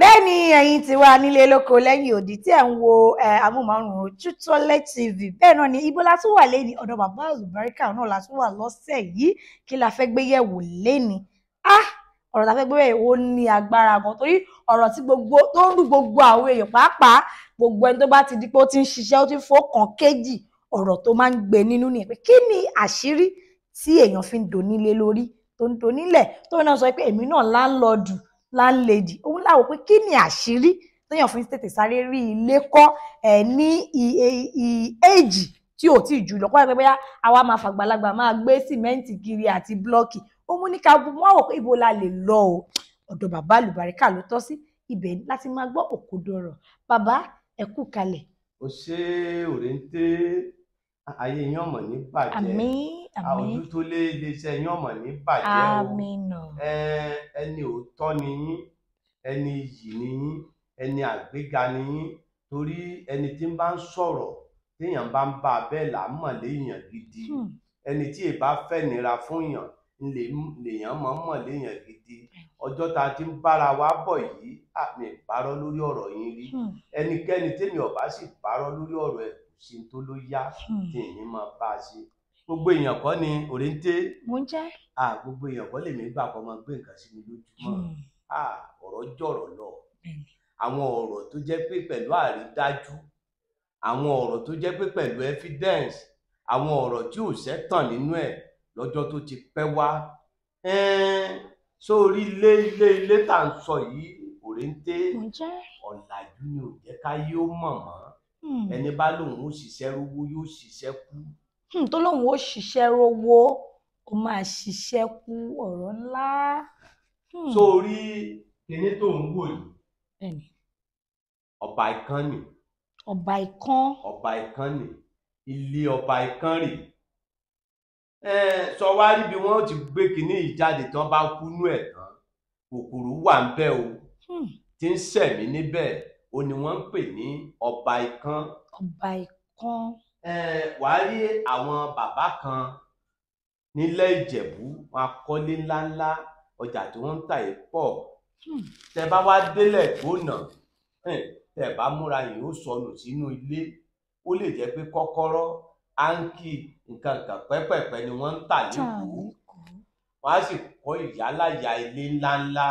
bẹ́ẹ̀ ni ẹ̀yin ti wá nílé lóko lẹ́yìn òdì tí ẹ̀ ń wo amóhùnmáwòrán Ojútọ́lé TV bẹ́ẹ̀ náà ni ibo la tún wà lẹ́ni ọ̀dọ̀ bàbá àlùbáríkà náà la tún wà lọ́sẹ̀ yìí kí la fẹ́ gbé yẹ̀wò lẹ́ni ah ọ̀rọ̀ tá a fẹ́ gbé yẹ̀wò ní agbára gan torí ọ̀rọ̀ tí gbogbo tó ń dùn gbogbo àwọn èèyàn pàápàá gbogbo ẹni tó bá ti di pé ó ti ń ṣiṣẹ́ ó ti ń fọkàn kéjì ọ̀rọ̀ tó máa ń gbé nínú nìyẹn pé kí ni àṣírí tí èèyàn fi láńlẹ́dì òun láwò pé kí ni àṣírí téèyàn fi ń tètè sáré rí ilé kọ́ ẹ̀ ní èjì e, tí ò tí ì jù lọ kọ́ ẹgbẹ́ bóyá àwa máa fàgbàlagbà máa gbé sìmẹ́ǹtì kiri àti blọ́ọ̀kì òun ní ká wọ́n wò pé ibo la lè lọ o ọ̀dọ̀ bàbá àlùbáríkà ló tọ́ sí ibẹ̀ láti máa gbọ́ òkodoro bàbá ẹ̀kú kalẹ̀. ó ṣe òrèǹté ayé yín ọmọ ní bàjẹ́ àmín àmín lé iléeṣẹ́ yín ọmọ ní bàjẹ́ o ẹni òótọ́ ni yín ẹni iyì ni yín ẹni àgbéga ni yín torí ẹni tí ń bá ń sọ̀rọ̀ téèyàn bá ń bá a bẹ́ẹ̀ là á mọ̀ léèyàn gidi hmm. ẹni tí èèbá fẹ́ nira fún yàn lèèyàn mọ̀ mọ̀ léèyàn gidi ọjọ́ tá a ti ń bára wa bọ̀ yìí àmì ìbárọ̀ lórí ọ̀rọ̀ yín rí hmm. ẹnikẹ́ni tèmi ò sì bárọ̀ lórí ọ̀rọ̀ ẹ̀ kò sí tó ló yá hmm. tí èmi máa bá a ṣe gbogbo èèyàn kọ́ ni òrèǹté mo ń jẹ́ à gbogbo èèyàn kọ́ lèmi gbà kọ́ máa gbé nǹkan sí mi lójúmọ́ hmm. à ọ̀rọ̀ jọ̀rọ̀ lọ àwọn ọ̀rọ̀ tó jẹ́ pé pẹ̀lú àrídájú àwọn ọ̀rọ̀ tó jẹ́ pé pẹ̀lú evidence àwọn ọ̀rọ̀ tí ò sẹ́tàn nínú ẹ̀ lọ́jọ́ tó ti pẹ́ wá sórí ilé ilé ilé tá à ń sọ yìí òrèǹté ọ̀làjú ni ò jẹ́ káyé ó mọ̀ mọ́ Hmm. ẹni bá lòun ó ṣiṣẹ́ rówó yóò ṣiṣẹ́ kú. Hmm, tó lóun ó ṣiṣẹ́ rówó ó máa ṣiṣẹ́ kú ọ̀rọ̀ ńlá. sórí hmm. kíní tó ń wò yìí ọba ikán ni. ọba ikán. ọba ikán ni ilé ọba ikán rèé sọ wá rí bí wọn ti gbé kinní yìí jáde tán bá kú nú ẹ̀ tán kòkòrò wà ń bẹ o ti ń ṣẹ̀mí níbẹ̀ o ní wọ́n ń pè ní ọba ikán. ọba ikán. ẹ wàá rí àwọn bàbá kan nílẹ̀ ìjẹ̀bú wọn akọ́lé ńláńlá ọjà tí wọ́n ń tà yìí pọ̀ hmm. tẹ bá wá délẹ̀ gbóná tẹ bá múra yìí ó sọnù sínú ilé ó lè jẹ́ pé kọ́kọ́rọ́ áńkì nǹkan kan pẹ́pẹ̀pẹ́ ni wọ́n ń tà lẹ́kọ̀ọ́ wọ́n á sì kọ́ ìyálàyà ilé ńláńlá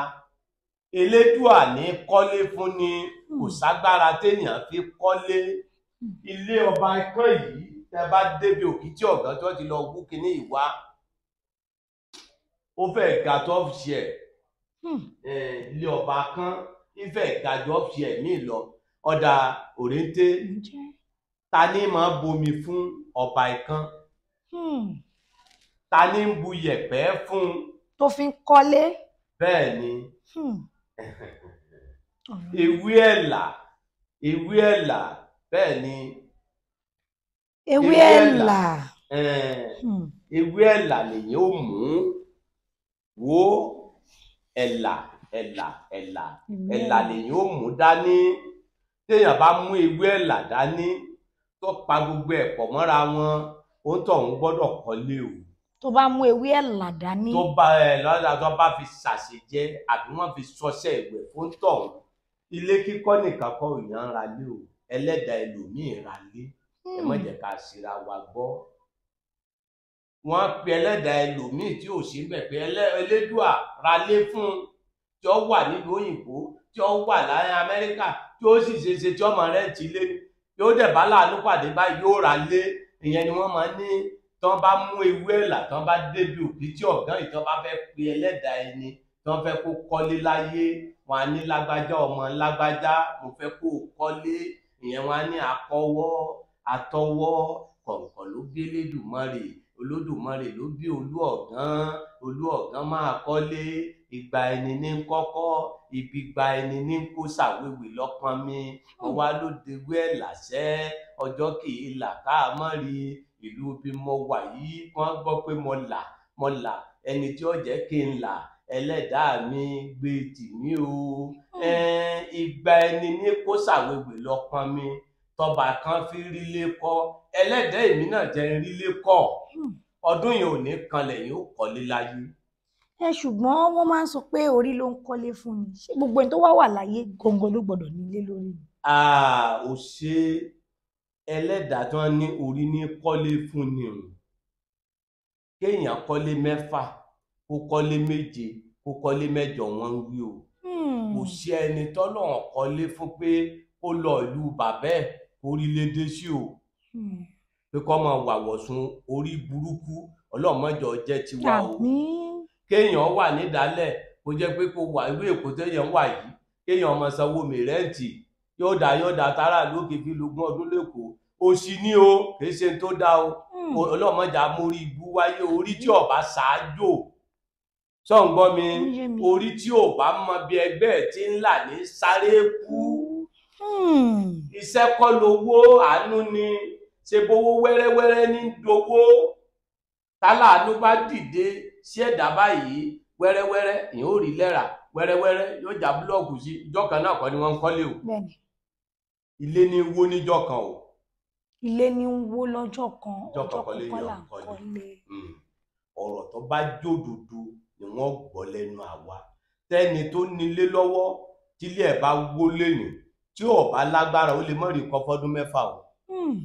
elédùà ní kọ́lé fún ni kò hmm. ságbára téèyàn fi kọ́lé ilé ọba ikán yìí tẹ bá débi òkìtì ọ̀gá tó ti lọ wú kíní ìwá ó fẹ́ ga tó ṣe ẹ̀ ilé ọba kan ìfẹ́ ìdájọ́ ṣe ẹ̀mí lọ ọ̀dà òréńté ta ni máa bomi fún ọba ikán hmm. ta ni ń bu yẹ̀pẹ̀ fún. tó fi ń kọ́lé. bẹ́ẹ̀ ni. Hmm ewé ẹ̀là ewé ẹ̀là bẹ́ẹ̀ ni ewé ẹ̀là ewé ẹ̀là hmm. lèyìn ó mú wo ẹ̀là ẹ̀là ẹ̀là ẹ̀là lèyìn ó mú dání téèyàn bá mú ewé ẹ̀là dání tó pa gbogbo ẹ̀ pọ̀ mọ́ra wọn ó tọ̀hún gbọ́dọ̀ kọ́lé o tó bá mú ewé ẹ̀là dání. tó bá ẹ lọ́dà tó bá fi ṣàṣejẹ àbí wọ́n fi sọ́sẹ̀ ìwẹ̀ fún tọ̀hún ilé kíkọ́ nìkan kọ́ èèyàn ra lé o ẹlẹ́dàá ẹlòmíì ra lé ẹ má hmm. jẹ́ ká síra wa gbọ́ wọ́n pe ẹlẹ́dàá ẹlòmíì tí ò sí bẹ̀ pé ẹlẹ́dùà ra lé fún un tí ó wà nílùú òyìnbó tí ó wà láyé Amẹ́ríkà tí ó sì ṣe ṣe tí ọmọ rẹ̀ ti lé yóò dẹ̀ bá láàánú pàdé báyìí yóò ra lé ìyẹn ni wọ́n máa ní tán bá mú ewé ẹ̀là tán bá débi òbí tí ọ̀gá ìtàn bá fẹ́ pe ẹlẹ́dàá ẹni tán fẹ́ kó kọ́lé láyé wọn á ní lágbájá ọmọ lágbájá mo fẹ́ kó o kọ́lé ìyẹn wọn á ní àkọ́wọ́ àtọwọ́ kọ̀ọ̀kan ló gbélédùmarè olódùmarè ló bí olú ọ̀gán olú ọ̀gán máa kọ́lé ìgbà ẹni ní kọ́kọ́ ibi gba ẹni ní kó ṣàwéwì lọ́pọ́n mi ọwá ló dewé ẹ̀ làṣẹ́ ọjọ́ kì là ká ìlú bí mo wà yìí wọ́n gbọ́ pé mo là mo là ẹni tí ó jẹ́ kí n là ẹlẹ́dàá mi gbé tì mí o hmm. ìgbà ẹni ní kó ṣàwéwì lọ́pọ́n mi tọba kan fi rílé kọ́ ẹlẹ́dẹ̀ èmi náà jẹ́ rílé kọ́ hmm. ọdún yìí ò ní kanlẹ̀ yìí ó kọ́lé láyé. ẹ ṣùgbọ́n wọ́n máa ń sọ pé orí ló ń kọ́lé fún ni ṣé gbogbo ẹni tó wá wà láyé gangan ló gbọ́dọ̀ nílé lórí ni. ò ṣe ẹlẹ́dàá tán ní orí ní kọ́lé fún ni o kéèyàn kọ́lé mẹ́fà kó kọ́lé méje kó kọ́lé mẹ́jọ wọ́n ń wí o hmm. kò ṣe ẹni tọ́lọ́run kọ́lé fún pé kó lọ ìlú bàbá ẹ̀ orílẹ̀-èdè sí o hmm. pé kọ́ máa wàwọ̀sùn orí burúkú ọlọ́mọjọ jẹ́ tiwa o kéèyàn wà nídàálẹ̀ kó jẹ́ pé kó wà ìlú èkó téèyàn wà yìí kéèyàn ọmọ sanwó mìrẹ́ǹtì yọ̀ọ̀dà yọ̀ọ̀dà tààrà lókè fi lógún ọdún lẹ́kọ̀ọ́ òṣì ni o kì í ṣe tó dáa o hmm. ọlọ́mọjà mórí ibú wáyé orí tí ọba ṣáájò sọ̀ǹgbọ́n mi orí tí ọba mọ bí ẹgbẹ́ ẹ̀ ti ń là ní sáré kú. Hmm. iṣẹ́ kọ́ lowó àánú ni ṣe bówó wẹ́rẹ́wẹ́rẹ́ ní dowó táláàánú bá dìde sí ẹ̀dá báyìí wẹ́rẹ́wẹ́rẹ́ ìyẹn ò rí lẹ́ra wẹ́rẹ́wẹ́rẹ́ yóò já búlọ́ọ̀kù sí ìjọ kan náà kọ́ ni wọ́n ń kọ́lé o ilé ní wó níjọ kan o. ilé ní wó lọ́jọ́ kan ọjọ́ kọ́kọ́ là ń ọ̀rọ̀ tó bá jódodo ni wọ́n gbọ́ lẹ́nu àwa tẹ́ni tó nílé lọ́wọ́ tílé ẹ̀ bá wó lẹ́yìn tí o bá lágbára ó lè mọ́ rí nǹkan fọ́dún o hmm.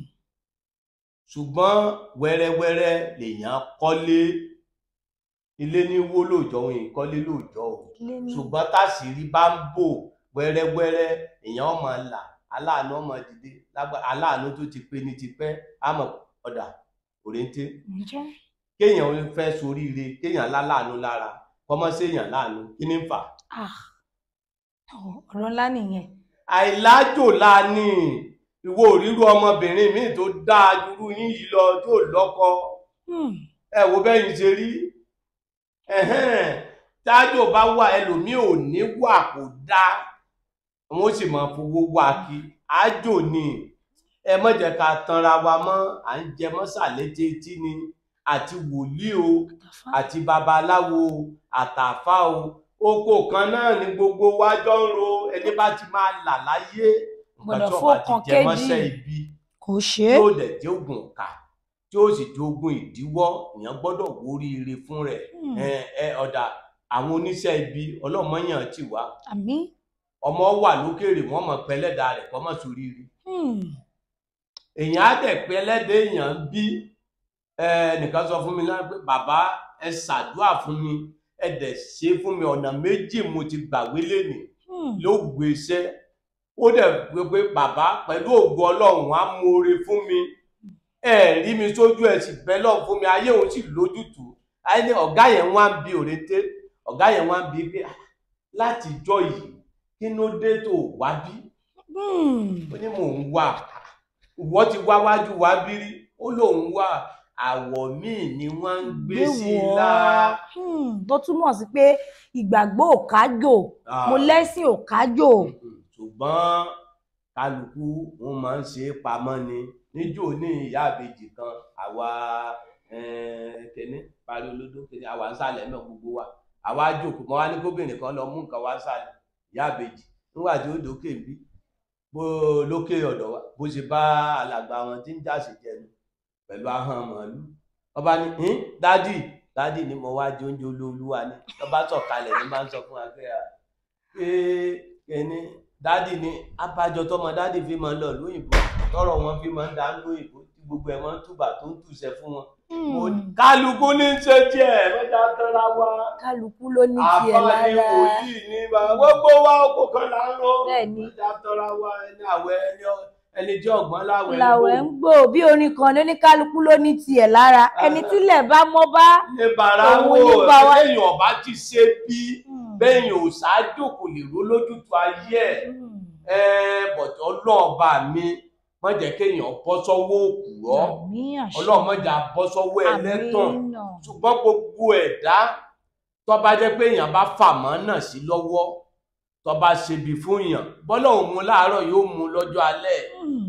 ṣùgbọ́n wẹrẹwẹrẹ lèèyàn kọlé ilé ní wó lóòjọ́ òun ìkọ́lé o ṣùgbọ́n táṣìírí bá ń bò wẹrẹwẹrẹ èèyàn ọmọ là aláàánú ọmọ dìde aláàánú tó ti pé ní ti òrèǹté kéèyàn soríire kéèyàn láláàánú lára láàánú kí ni fà. Ah. ọ̀rọ̀ ńlá àìlájò la ní ìwọ òrírú ọmọbìnrin míì tó dáa jurú yín yìí lọ tó lọ́kọ hmm. ẹ wo bẹ́yìn ṣe rí tájò bá wà ẹlòmíì ò ní wà kó dáa wọn sì máa fowó wá kí àjò ni ẹ má jẹ́ ká tanra wa mọ́ à ń jẹ mọ́sàlẹ̀ ni àti wòlíì o àti babaláwo àtàfà o oko kan náà ni gbogbo wa jọ ń ro ẹni bá ti máa là láyé nǹkan tí ọba ti jẹ mọ́ṣẹ́ ibi kò ṣe é yóò dẹ̀ jẹ́ ogun ọ̀ka tí ó sì jẹ́ ogun ìdíwọ́ èèyàn gbọ́dọ̀ wórí ire fún rẹ̀ hmm. ẹ ọ̀dà àwọn oníṣẹ́ ibi ọlọ́mọyàn ti wá ọmọ wà lókèrè wọn mọ̀ pẹ́lẹ́dà rẹ̀ kọ́ mọ̀ sórí ire hmm. èèyàn á dẹ̀ pẹ́lẹ́dẹ̀ èèyàn bí nìkan sọ fún mi lápẹ́ bàbá ẹ ṣàdúà fún mi ẹ dẹ̀ ṣe fún mi ọ̀nà méjì mo ti gbàgbé lẹ́nìí ló gbèsè ó dẹ̀ pé bàbá pẹ̀lú ògo ọlọ́run á moore fún mi ẹ rí mi sójú ẹ sì bẹ́ lọ́ọ̀ fún mi ayé òun sì lójútùú ayé ní ọ̀gá yẹn wá ń bi òrètè ọ̀gá yẹn wá ń bi pé ah, láti jọ yìí kí ló dé tó wá bí hmm. ó ní mò ń wà ìwọ ti wá wájú wá bí ó lóun wà àwọ̀ míì ni wọ́n ń gbé sí i la. Hmm, tó túmọ̀ sí pé ìgbàgbọ́ ò kájò ah. mo lẹ́sìn ò kájò. Mm-hmm. ṣùgbọ́n kálukú wọn máa ń ṣe é pamọ́ ni níjó ní ìyá àbejì kan àwa kẹ́ni parí olódó kẹ́ni àwa ń sálẹ̀ náà gbogbo wa àwa jòkó mọ́ wá ní kóbìnrin kan lọ mú nǹkan wá sálẹ̀ ìyá àbejì nígbà tí ó dókè bí lókè ọ̀dọ̀ wa bó ṣe bá alàgbà wọn tí ń jà sí jẹnu pẹ̀lú ahọ́n màálù ọba ní dadi dádì dádì ni mo wá jẹ oúnjẹ olóolúwa ni ọba sọ̀kalẹ̀ ni máa ń sọ fún akẹ́ à ee ẹni dádì ni abájọ tọmọ dádì fi máa ń lọ lóyìnbó tọrọ wọn fi máa ń dá lóyìnbó tí gbogbo ẹ máa ń túbà tó ń tùṣẹ fún wọn hmm. kálukú ní ṣe tiẹ̀ mẹ́ta tọ́ra wa. kálukú ló ní tiẹ̀ lára àfọ̀nì òyì ní gbogbo wa kò kan lánàá mẹ́ta tọ́ra wa ẹni àwẹ̀ ẹni ọ̀tún ẹni jẹ́ ọ̀gbọ́n láwẹ̀ ń gbò bí orin kan ní oníkálukú ló ní tiẹ̀ lára ah. ẹni tílẹ̀ bá mọ́ bá òun nípa wa. bẹ́ẹ̀yàn ọba ti ṣe bí hmm. bẹ́ẹ̀yàn ò kò lè ró lójútu ayé ẹ̀ hmm. bọ̀dọ̀ ọlọ́ọ̀ba mi má jẹ́ kéèyàn bọ́ sọ́wọ́ òkúrọ́ ọlọ́run má jẹ́ bọ́ sọ́wọ́ ẹlẹ́tàn ṣùgbọ́n gbogbo ẹ̀dá tó bá jẹ́ pé èèyàn bá fàmọ́ náà sí lọ́wọ́ tó bá ṣebí fún èèyàn bọ́lọ́hùn mú láàárọ̀ yóò mú lọ́jọ́ alẹ́ hmm.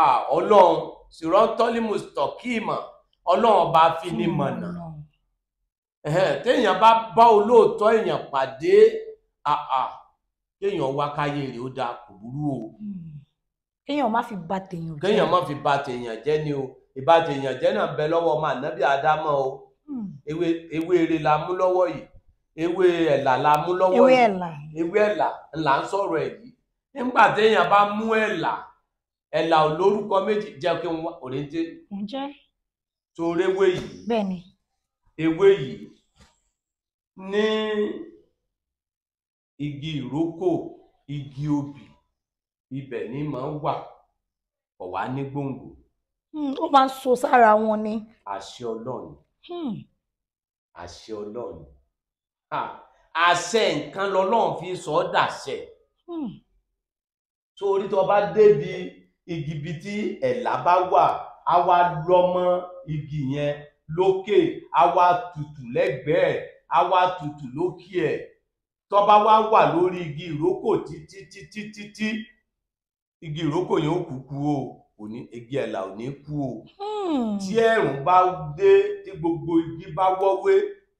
ah, ọlọ́run sìrọ́tọ́límù stọ̀kìmọ̀ ọlọ́run bá fi ní hmm. mọ̀nà téèyàn bá bá olóòótọ́ èèyàn pàdé ah, ah, kéèyàn wá káyé rẹ̀ ó dáa kò burú o. Hmm. kéèyàn má fi bà tèèyàn jẹ́ kéèyàn má fi bà tèèyàn jẹ́ ni o ìbà tèèyàn jẹ́ náà bẹ lọ́wọ́ ọmọ ànábì àdámọ́ o ewé ewé eré la mú lọ́wọ́ yìí ewé ẹ̀là la mú lọ́wọ́ ewé ẹ̀là ewé ẹ̀là là ń sọ̀rọ̀ ẹ̀ yìí nígbà téèyàn bá mú ẹ̀là ẹ̀là ò lórúkọ méjì jẹ́ kí n wá òrèǹté. torí ewé yìí. ewé yìí ní igi ìrókò igi obì ibẹ̀ ni máa ń wà kò ní gbòǹgbò. Hmm, ó máa ń so sára wọn ni. àṣẹ ọlọ́run hmm. àṣẹ ọlọ́run àṣẹ nǹkan lọ́lọ́run fi sọ ọ́ dàṣẹ. Hmm. sórí tó bá débi igi bíi tí ẹ̀là bá wà á wá lọ́mọ igi yẹn lókè á wá tutù lẹ́gbẹ̀ẹ́ á wá tutù lókè ẹ̀ tó bá wá wà lórí igi ìrókò títí títí títí igi ìrókò yẹn ó kú kú o kò ní igi ẹ̀là ò ní kú o hmm. tí ẹ̀rùn bá dé tí gbogbo igi bá wọ́wé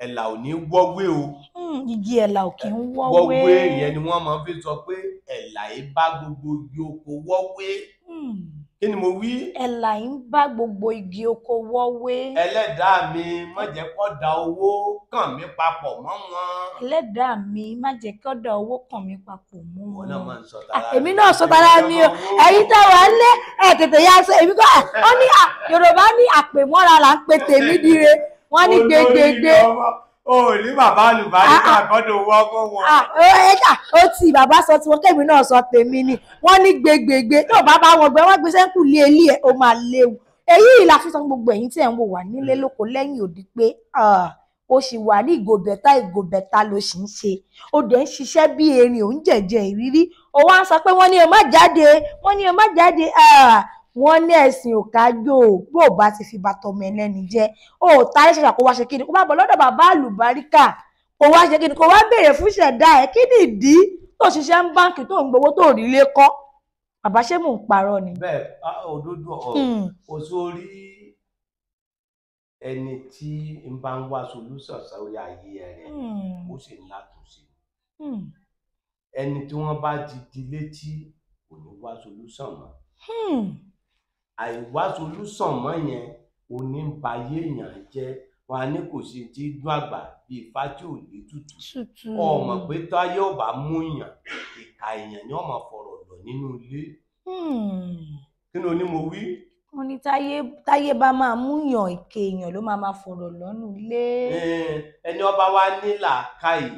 ẹ̀là ò ní wọ́wé o. Hmm, igi ẹ̀là ò kì í wọ́wé. wọ́wé ìyẹn ni wọ́n máa fi sọ pé ẹ̀là yìí bá gbogbo igi oko wọ́wé. Hmm. kí ni mo wí. ẹ̀là yìí ń bá gbogbo igi oko wọ́wé. ẹlẹ́dàá mi má jẹ́ kó da owó kàn mí papọ̀ mọ́ wọn. ẹlẹ́dàá mi má jẹ́ kó da owó kàn mí papọ̀ mọ́ wọn. wọn náà máa ń sọ tara mi. Ah, èmi náà sọ tara mi o ẹ̀yin tẹ́ wà lé ẹ̀ tètè yá sẹ́ èmi kọ́ ẹ̀ ah, ní ah, Yorùbá ní àpèmọ́ra là ń pe tèmi dire wọ́n ní gbẹgbẹgbẹ. o ò ní bàbá àlùbáríkà ah, ah. gbọ́dọ̀ wọ́ fún wọn. ẹ̀ka ah, eh, eh, eh, ó ti bàbá sọ tiwọn kẹ́mi náà sọ tèmi ni wọ́n ní gbẹgbẹgbẹ tó bá bá wọn gbẹ wọ́n gbé sẹ́ńkù lé elé ẹ̀ ó máa léwu èyí la fi sọ gbogbo ẹ̀yin tí ẹ̀ ń wò wá nílé mm. lóko lẹ́yìn òdì pé o sì wà ní ìgòbẹ̀ta ìgòbẹ̀ta ló sì ń ṣe o dẹ̀ ń ṣiṣẹ́ bí erin ò ń jẹ̀jẹ̀ ìrírí o wá ń sọ pé wọ́n ní ẹ má jáde wọ́n ní ẹ má jáde wọ́n ní ẹ̀sìn òkájò bó o bá ti fi bàtọ̀ ọmọ ẹlẹ́ni jẹ́ o ò ta ẹ̀ṣẹ̀ kó wá ṣe kí ni kó má bọ̀ lọ́dọ̀ bàbá àlùbáríkà kó wá ṣe kí ni kó wá béèrè fún ìṣẹ̀dá ẹ̀ kí ni ìdí tó ṣiṣẹ́ ń báǹkì tó ń gbowó tó rí lé kọ́ bàbá ṣé mò ń parọ́ ni. bẹ́ẹ̀ òdodo ọ hmm. sórí ẹni tí n bá ń wá solúsàn sórí ayé rẹ ó sì ń látúnṣe hmm. ẹni tí wọ́n bá ti di létí kò ní wá solúsàn mọ́. Hmm àìwá solúsàn mọ́ yẹn òní ń ba ayé èèyàn jẹ́ wọn á ní kò sí ti dún àgbà bíi ifá tí ò ọmọ pé táyé ọba mú yàn ìka èèyàn ni ọmọ fọ̀rọ̀ lọ nínú ilé hmm. kí ni oní mo wí. mo ní táyé táyé bá máa mú yàn ìka èèyàn ló máa máa fọ̀rọ̀ lọ́nù ilé. ẹni ọba wa ní làákàyè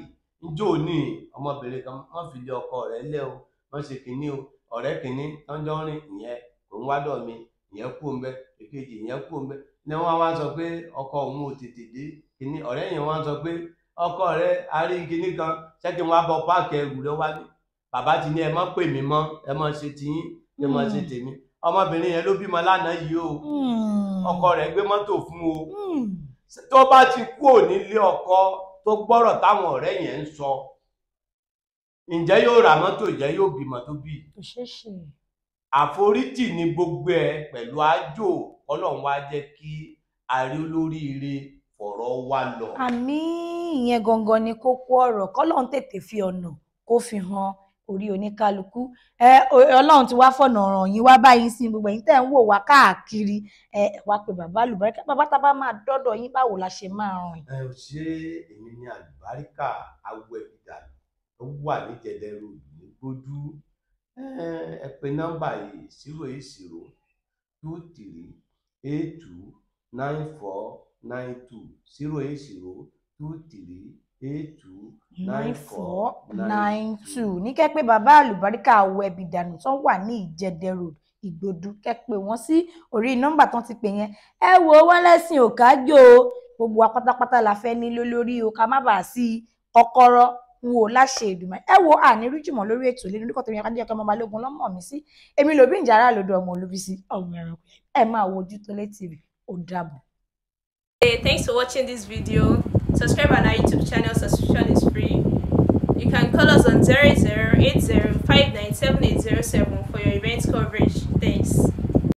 njó ní ọmọbìnrin kan wọn fi lé ọkọ rẹ̀ lẹ o wọn ṣe kínní o ọ̀rẹ́ kínní tọjọ rìn ìyẹn òun wá dọ̀ mi ìyẹn kú ń bẹ èkejì ìyẹn kú ń bẹ ni wọn wá sọ pé ọkọ òun ò tètè dé kíní ọ̀rẹ́ yẹn wá sọ pé ọkọ rẹ arí kíní kan ṣé kí n wá bọ páàkì ẹrù rẹ wá ní bàbá ti ní ẹ má pè mí mọ́ ẹ má ṣe tiyín ẹ má ṣe hmm. tèmi ọmọbìnrin yẹn ló bímọ lánàá yìí o hmm. ọkọ rẹ gbé mọ́tò fún o hmm. tó bá ti kú ò nílé ọkọ tó gbọ́rọ̀ táwọn ọ̀rẹ́ yẹn ń sọ ǹjẹ́ yóò ra mọ́tò ǹjẹ́ yóò bímọ tó bí àforíjì ni gbogbo ẹ pẹ̀lú àjò ọlọ́run wá jẹ́ kí àrí olóríire fọ̀rọ̀ wa lọ. àmì ìyẹn gangan ni kókó ọ̀rọ̀ kọ́lọ́run tètè fi ọ̀nà kó fi hàn orí oníkálukú ẹ ọlọ́run ti wá fọ̀nà ọ̀ràn yín wá báyìí sí gbogbo ẹ̀yin tẹ́ ń wò wá káàkiri ẹ wá pé bàbá àlùbáríkà bàbá tá a bá máa dọ́dọ̀ yín báwo la ṣe máa ràn yín. ẹ ṣe èmi ní àlùbáríkà awọ ẹ̀dà ó wà ní jẹdẹrú ìgbódú um ẹ pe nọmba yìí zero eight zero two three eight two nine four nine two zero eight zero two three eight two nine four nine two ní kẹ́ pé bàbá àlùbáríkà wẹ̀bì dànù tó wà ní ìjẹ̀dẹ̀ road ìgbòdú kẹ́ pé wọ́n sí orí nọ́mbà tán ti pè yẹn ẹ wo wọn lẹ́sìn ò kájò o gbogbo wa pátápátá la fẹ́ nílò lórí o ká má bàa sí kọ́kọ́rọ́ wò láṣẹ ìdùnmọ̀ ẹ wo àníorí jùmọ̀ lórí ètò lẹ́nu lókọ̀ tẹ̀mí akadéyọkọ ọmọ balógun lọ́mọ mi sí èmi lòbí ìjàrá lòdù ọmọ olóbi sí ọmọ ẹranko ẹ máa wo Ojútólé TV ó dàbọ̀. Hey, thanks for watching this video. Subscribe on our YouTube channel. Subscription is free. You can call us on zero zero zero eight five nine seven eight zero seven for your event coverage. Thanks.